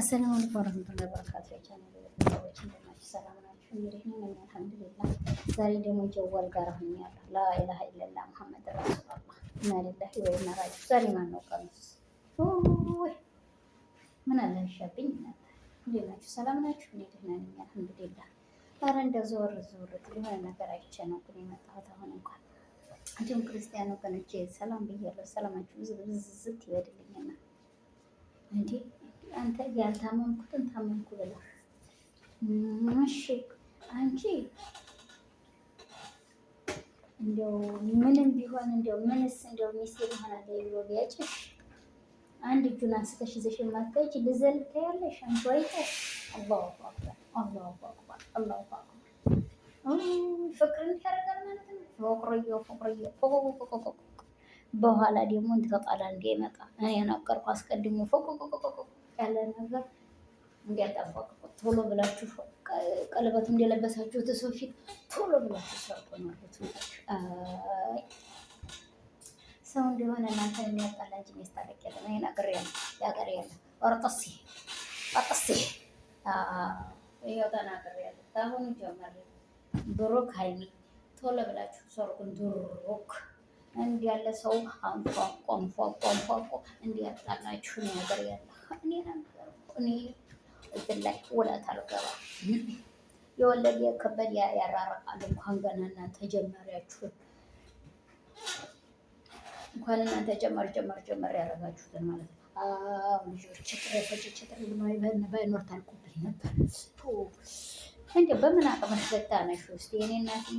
አሰላሙ አለይኩም ወራህመቱላሂ ወበረካቱ። ሰዎች እንደናችሁ ሰላም ናችሁ? እንግዲህ ነው አልሐምዱሊላህ። ዛሬ ደግሞ ጀዋል ጋር ሆኛለሁ። ላኢላሀ ኢለላህ መሐመድ ረሱሉላህ እና ለላሂ ወኢና ዛሬ ማን ነው ቀኑስ? ምን አለ ይሻብኝ ነበር። ሰላም ናችሁ? እኔ ደህና ነኝ አልሐምዱሊላህ። ኧረ የሆነ ነገር አይቼ ነው ግን የመጣሁት አሁን እንኳን እንዲሁም ክርስቲያን ወገኖቼ ሰላም ብያለሁ። ሰላማችሁ እንዴ አንተ ያልታመምኩትን ታመምኩ ብላ እሺ፣ አንቺ እንደው ምንም ቢሆን እንደው ምንስ እንደው ሚስቴ ይሆናል ብሎ ቢያጭሽ አንድ እጁን አንስተሽ ይዘሽ የማታይች ልዘል ታያለሽ። አንቺ አይተሽ አላሁ አክበር፣ አላሁ አክበር፣ አላሁ አክበር ፍቅርን ያደርጋል ማለት ነው። ፎቅርዮ ፎቅርዮ ፎቆቆቆቆቆ በኋላ ደግሞ ይመጣ እኔ አስቀድሞ ያለ ነገር እንዲያጣባቅቁ ቶሎ ብላችሁ ቀለበት እንደለበሳችሁት ሰው ፊት ቶሎ ብላችሁ ሰርቆ ማለት ሰው እንደሆነ እናንተ የሚያጣላ እንጂ የሚያስታረቅ ያለ ነው። ነገር ያለ ያገር ያለ ወርጠሲ ወርጠሲ ይኸው ተናገር ያለ አሁን ጀመር ብሩክ ሀይሚ ቶሎ ብላችሁ ሰርቁን ድሩክ እንዲህ ያለ ሰው አንፏቋ አንፏቋ አንፏቋ እንዲህ ያጣላችሁ ነገር ያለ እኔ ነገር እኔ እዚህ ላይ ውለት አልገባ የወለድ የከበድ ያራርቃል። እንኳን ገና እናንተ ጀመሪያችሁን እንኳን እናንተ ጀመር ጀመር ጀመር ያደረጋችሁትን ማለት ነው። አዎ ልጆች ፈጭችጥር ባይኖር ታልኩብኝ ነበር። እንደ በምን አቅመሽ ገታነሽ ውስጥ የኔ እናትዬ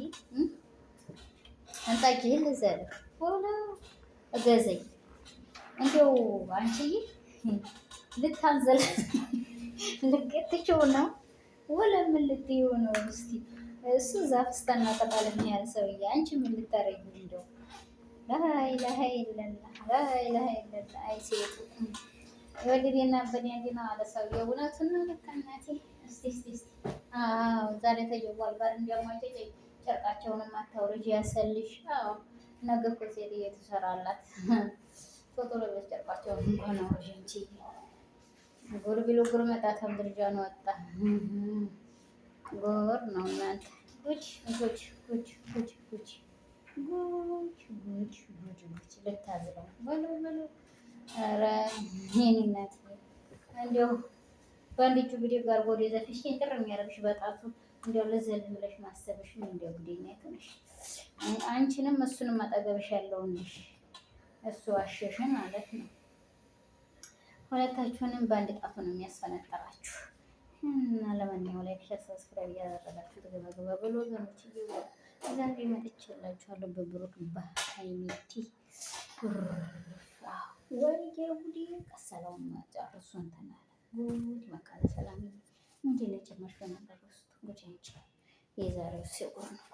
እንጣቂ ልዘልህ ወላ እገዘኝ እንዲያው አንቺዬ ልታዘላ ልቀጥቼው ነው ወላ ምን ልትይው ነው? እስቲ እሱ ዛፍ ስታና ቅጠል የሚያህል ሰውዬ አንቺ ምን ልታረጊ? እንደው ላይላሀ የለላ ላይላሀ የለላ አይ ሴቱ ወልዴና በኒያዲና አለ ሰውዬ እውነቱን ነው ልክ እናቴ። እስቲ እስቲ እስቲ አዎ ዛሬ ተጀዋል ጋር እንዲያሟቸው ጨርቃቸውንም አታውርጅ ያሰልሽ አዎ ነገ እኮ ሴትዬ ትሰራላት ቶሎ ለበስ ጨርቋቸው ነው ጅንቺ ጉር ቢሉ ጉር መጣ ከምድርጃ ነው ወጣ ጉር ነው እናንተ ጉች ጉች ጉች ጉች ጉች ጉች ጉች ጉች ጉች ልታዝለው በሉ በሉ ኧረ የእኔ እንዲያው በአንድ እጁ ብድግ አድርጎ ወደ ዘፍሽ ጥር የሚያደርግሽ በጣቱ እንዲያው ለዘል ብለሽ ማሰብሽ እንዲያው ግዴ ነው አንቺንም እሱንም አጠገብሽ ያለውንሽ እሱ አሸሽን ማለት ነው። ሁለታችሁንም በአንድ ጣቱ ነው የሚያስፈነጠራችሁ። እና ለማንኛውም ላይ ሰብስክራይብ እያደረጋችሁ ተገባገባ ብሎ ዘመች ዛሬ መጥቼላችኋለሁ በብሩክ በሀይሚቲ ወይዬ ጉዴ ቀሰለውን ጨርሱ እንትን አለ ጉድ መካለ ሰላም እንዴ በነበር ውስጥ ጉድ የዛሬው ሲቁር ነው።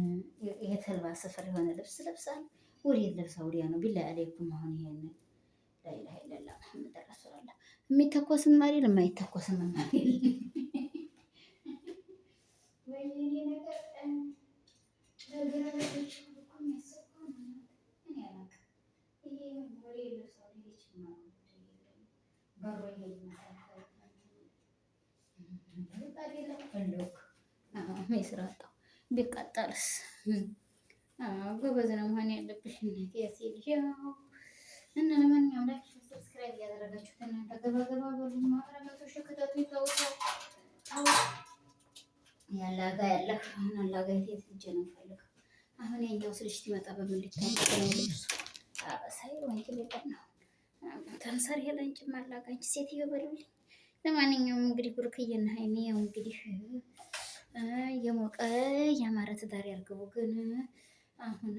የተልባ ስፍር የሆነ ልብስ ለብሳል። ወዴት ለብሳ ወዲያ ነው ቢላ አለይኩም። አሁን ይሄን ላይላ ይለላ መሐመድ ረሱላላ የሚተኮስም አይደል የማይተኮስም አይደል ስራ ቢቀጠልስ ጎበዝ ነው መሆን ያለብሽ እናቴ። እና ለማንኛውም ላይ ሰብስክራይብ እያደረጋችሁ እናንተ ገባገባ በሉ ማረጋቶ ክተቱ ይታወቀ ያላጋ ያለህ አሁን አላጋ የት ልጅ ነው ፈልግ አሁን የኛው ስልሽ ትመጣ በምን ልታወቅ ነው ልብሱ ሳይ ወንክ ሊቀር ነው ተምሳር ሄለንጭም አላጋንች ሴትዮ በሉልኝ። ለማንኛውም እንግዲህ ብሩክዬና ሀይሚ ያው እንግዲህ የሞቀ ያማረ ትዳር ያርገው። ግን አሁን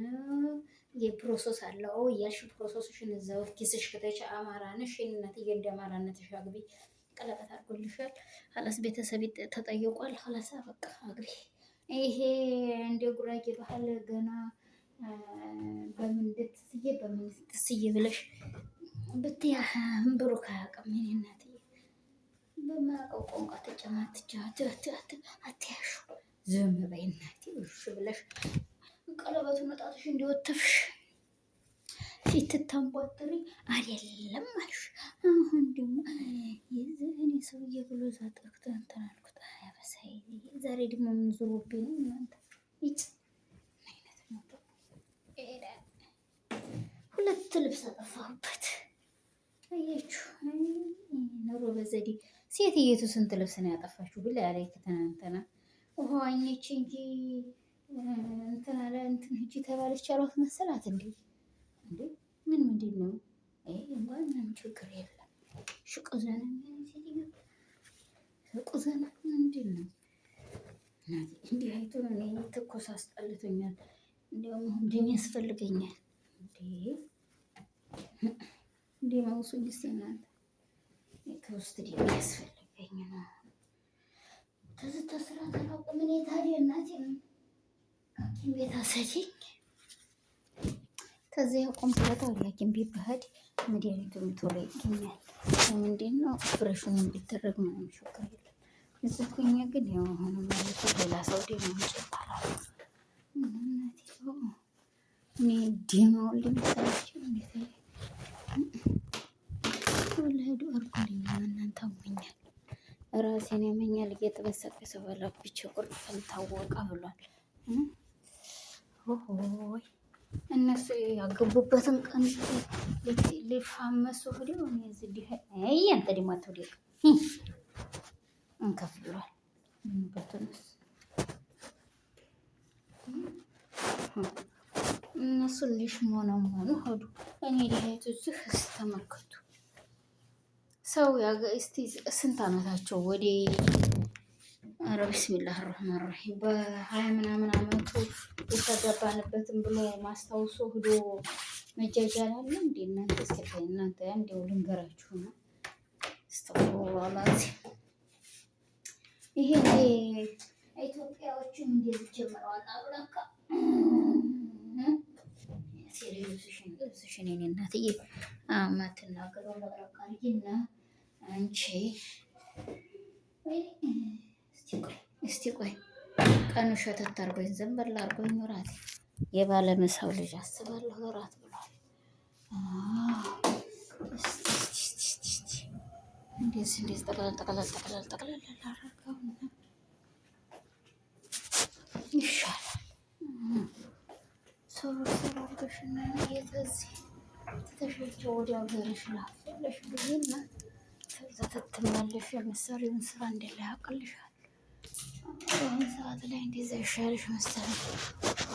የፕሮሰስ አለው እያልሽ ፕሮሰስሽን እዛው ኪስሽ ከተች አማራንሽ እናትዬ እንደ አማራነትሽ አግቢ። ቀለበት አድርጎልሻል። ሀላስ ቤተሰብ ተጠይቋል። ሀላሳ በቃ አግቢ። ይሄ እንደ ጉራጌ ባህል ገና በምንድት ትስዬ በምንድት ትስዬ ብለሽ ብትያ ብሩክ አያውቅም። በማያውቀው ቋንቋ ተጨማትቻ አትያሹ፣ ዝም በይ እናቴ። እሺ ብለሽ ቀለበቱን ወጣቶሽ እንዲወተፍሽ ፊት ተንቧጥሪ አይደለም አልሽ። አሁን ደግሞ የዘኔ ሰውዬ ብሎ እዛ እንትን አልኩት። አያበሳይ ዛሬ ደግሞ የምንዞሩብኝ ነው እናንተ ይጭ ሁለት ልብስ አጠፋሁበት። አያችሁ በዘዴ ሴትየቱ ስንት ልብስ ነው ያጠፋችሁ ብላ ያለች ትናንትና ውሃ ዋኘች እንጂ እንትን አለ እንትን እጅ ተባለች አሏት መሰላት። እንዴ እንዴ ምን ምንድን ነው እንኳን ምንም ችግር የለም። ሽቁዘና ሽቁዘን ምንድን ነው እንዲህ አይቶ ነው ትኩስ አስጠልቶኛል። እንዲሁም ደም ያስፈልገኛል። እንዴ እንዴ ማውሱ ጊዜ ናት ከውስጥ ደግሞ ያስፈልገኝ ነው። ከዚህ ተስራ ተላቁም እኔ ታዲያ እናቴ ሐኪም ቤት አሰጂኝ። ከዚያ ያቆም ተለታው ሐኪም ቤት ባህድ መድኃኒቱም ቶሎ ይገኛል። ለምንድን ነው ኦፕሬሽኑ እንዲደረግ ምንም ችግር የለም። እዚህ ግን ያው ሆነ ሌላ ሰው ደሞ ይጨምራል። እናቴ እኔ ልምሳቸው እንዴት ራሴን ያመኛል እየተበሰበሰ በላብቸው ቁርጥ ታወቀ ብሏል። ሆይ እነሱ ያገቡበትን ቀን ሊፋመሱ ሄደው እያንተ ደግሞ አትውደቅ እንከፍ ብሏል። በትንስ እነሱ ሊሽሞነሞኑ ሄዱ። እኔ ዲሄቱ ዝህ ስተመከቱ ሰው ያገ እስቲ ስንት ዓመታቸው ወዴ ኧረ ቢስሚላህ ራህማን ራሂም በሀያ ምናምን አመቱ የተገባንበትም ብሎ ማስታውሶ ሂዶ መጃጃል አለ እንዴ? እናንተ ስ እናንተ እንዲው ልንገራችሁ ነው። ስተዋላት ይሄ ኢትዮጵያዎችን እንደዚህ ጀምረዋል። አብላካ ልብስሽን ልብስሽን የኔ እናትዬ አማትናገረው ለረቃ ልጅና አንቺ እስቲ ቆይ ቀኑ ሸተት አርጎኝ ዘንበል አርጎኝ ራት የባለመሳው ልጅ አስባለሁ ራት ብሏል። እንዴት እንዴት ጠቅለል ጠቅለል ጠቅለል ጠቅላል ላረገው ይሻላል። ሶሮ ሶሮ አርገሽና የተዚህ ተሸቸው ወደ ሀገርሽ ላፈለሽ ብዬና ተተመለሽ የምትሰሪውን ስራ ሰዓት ላይ ይሻልሽ መሰለኝ።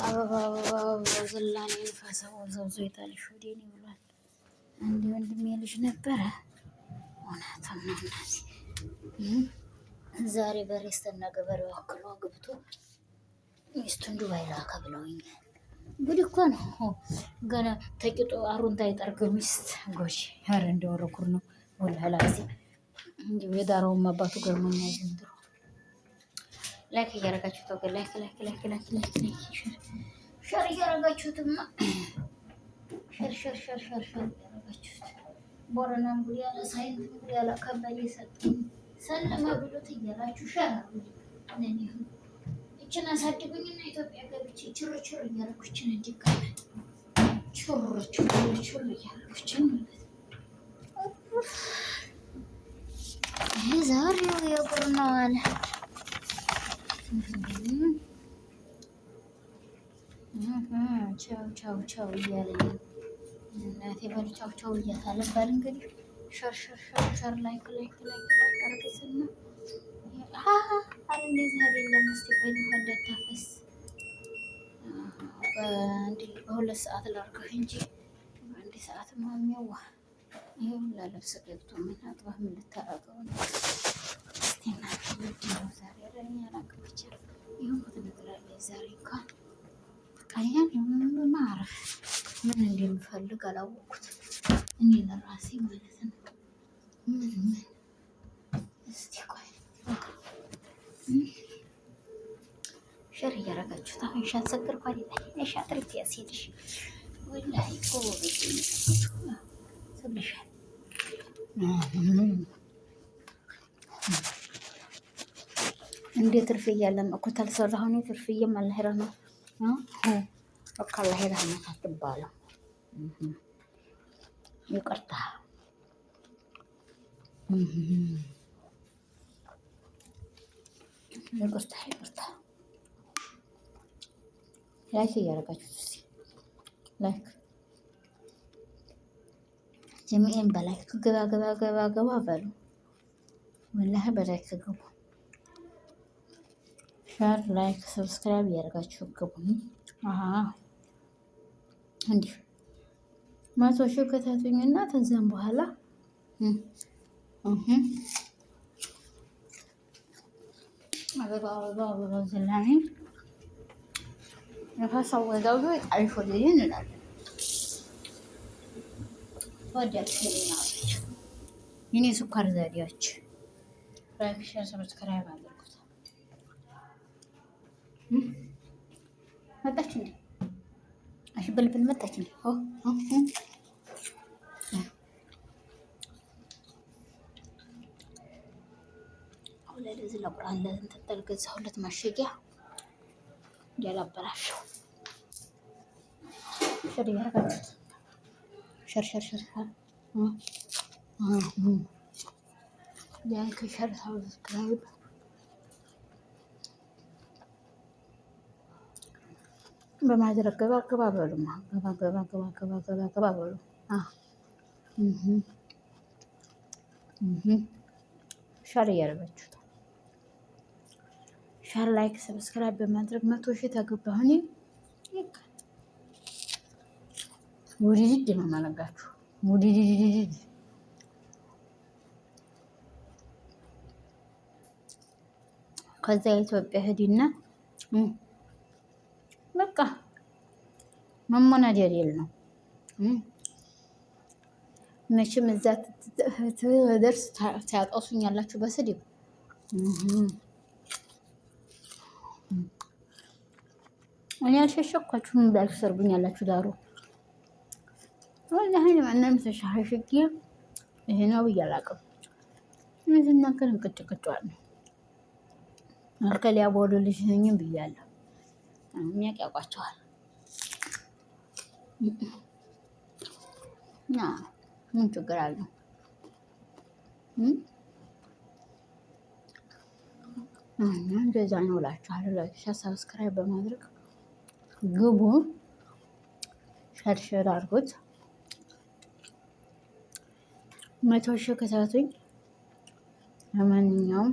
አበባ አበባ አበባ ዘላኔ ንፋሰው ዘብዞ ይጣልሽ ወንድሜ ልጅ ነበረ እውነትም ነው ዛሬ በሬስተና ገበሬው አክሎ ሚስቱን ዱባይ ላከ ብለውኛል። ጉድ እኮ ነው። ገና ተቂጦ አሩንታ ይጠርገው ሚስት ጎጂ። ነው ወላሂ ላዚም እንዲሁ የዳራውም አባቱ ገርሞኛል ዘንድሮ። ላይክ እያረጋችሁ ተወገን ላይክ ላይክ ላይክ ላይክ ላይክ ላይክ ሸር እያረጋችሁትማ ሸር ሸር ሸር ሸር ሸር እያረጋችሁት ቦረናም ጉድ ያለ ሳይንት ጉድ ያለ ከበል የሰጠኝ ሰለማ ብሎት እያላችሁ ሸር ነን ይሁን እችን አሳድጉኝና ኢትዮጵያ ገብቼ ችር ችር እያረኩችን እንዲቀመጥ ችር ችር ችር እያረኩችን ማለት የዛሬው የቁር ነው አለ። ቻው ቻው ቻው እያለ እናቴ በል ቻው ቻው እያለ ባል እንግዲህ ሸር ሸር ሸር ሸር ላይክ ላይክ ላይክ አርገስና አረ እንደዚህ አይደለም። እስቲ ቆይ እንዳታፈስ በአንድ በሁለት ሰዓት ላድርገው እንጂ በአንድ ሰዓት ማሚያዋ ይሄ ለልብስ ገብቶ ምን አጥባ ምን ልታረገው ነው? ዛሬ ዛሬ ማረፍ ምን እንደምፈልግ አላወቅኩት እኔ ለራሴ ማለት ነው። ምን ምን እስቲ ቆይ ሸር እያረጋችሁት አሁን ሻ ሰግር ኳል ሻ ጥርት ያስሄድሽ ወላሂ ቆ እንዴ ትርፍ እያለን እኮ ተልሰራሁ እኔ ትርፍዬም አላሄራ ነው በቃ አላሄራ ነው አትባለው። ይቅርታ ይቅርታ ይቅርታ። ላይክ እያደረጋችሁ ላይክ ጀሚዕን በላችሁ ግባ ግባ ግባ ግባ በሉ። ወላሂ በላችሁ ግቡ። ሻር ላይክ ሰብስክራይብ እያደርጋችሁ ግቡ። እንዲሁ መቶ ሺህ ከታቱኝና ከዚያም በኋላ አበባ አበባ አበባ ዘላኔ ነፋስ አወዛውዞ ጣይፎልኝ እንላለን። ተወዳጅ የኔ ስኳር ዘዴዎች ራክሽን ሰብስክራይብ አድርጉት። መጣች እንዴ አሽብልብል መጣች እንዴ ኦ ለዚህ ለቁርአን ለእንትን ሁለት ማሸጊያ ያረጋችሁት ሸርሸርሸር ላይክ፣ ሸር፣ ሳብስክራይብ በማድረግ ገባ ገባ በሉ ገባ ገባ ገባ ገባ ገባ ገባ በሉ ሸር እያደረጋችሁት ሸር ላይክ ሰብስክራይብ በማድረግ መቶ ሺህ ተገባሁኔ ውድድድ ነው የማነጋችሁ። ውድድድድድ ከዛ የኢትዮጵያ ሂድና በቃ መሞናደድ የለ ነው መቼም እዛ ደርስ ታያጠሱኝ ያላችሁ በስድብ እኔ አልሸሸኳችሁም ብላችሁ ሰርጉኝ ያላችሁ ዳሩ ወላሂ ለማንም ተሻሽጌ ይሄ ነው ብዬ አላውቅም። ስናገር እንቅጭቅጫዋል መርከል ያበወሉ ልጅ ነኝም ብያለሁ። የሚያውቅ ያውቋቸዋል። ምን ችግር አለው? እንደዛ ነው እላችኋለሁ። ላይክ፣ ሰብስክራይብ በማድረግ ግቡ። ሸርሸር አድርጉት። መቶ ሺህ ከሳቱኝ። ለማንኛውም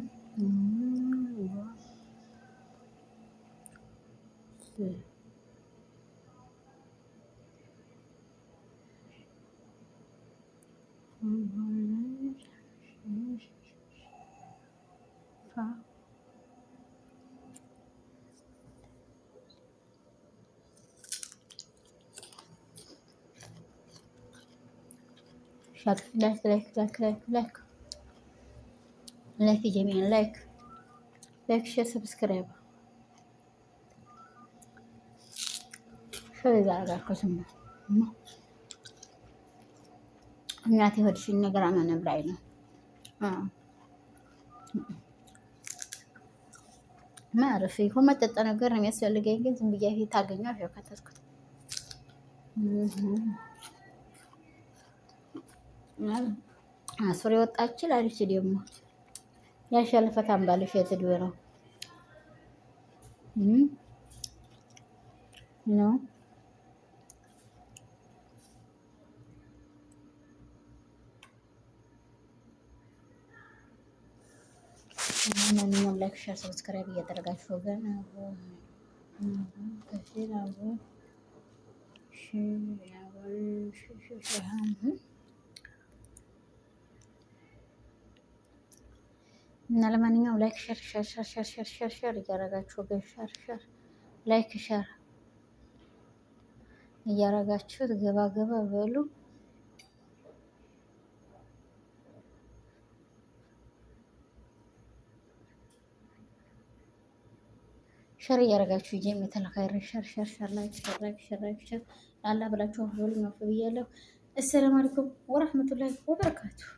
Like, like, like, like, like, like. Like جميعا like. Like, share, subscribe. ሸር ይዛረጋችሁ ስሙ እናቴ ሆድሽን ነገር አመነብራይ ነው ማረፍ ይሁን መጠጣ ነገር የሚያስፈልገኝ ግን ዝም ብዬ ፊት አገኘው ከተትኩት አስር የወጣችል አሪች ደግሞ ያሸልፈት አምባለሽ የትድብ ነው ነው ማንኛውም ላይክ ሸር ሰብስክራይብ እያደረጋችሁ ወገን ከፊል አቦ ሺ እና ለማንኛውም ላይክ ሸር ሸር ሸር ሸር ሸር ሸር ሸር እያረጋችሁ ወገን ሸር ሸር ላይክ ሸር እያረጋችሁት ገባ ገባ በሉ። ሸር እያረጋችሁ ጂም የተለካይረ ሸር ሸር ሸር ላይክ ሸር ላይክ ሸር ላይክ ሸር ላላ ብላችሁ ሁሉ ነው ብያለሁ። አሰላሙ አለይኩም ወራህመቱላሂ ወበረካቱሁ።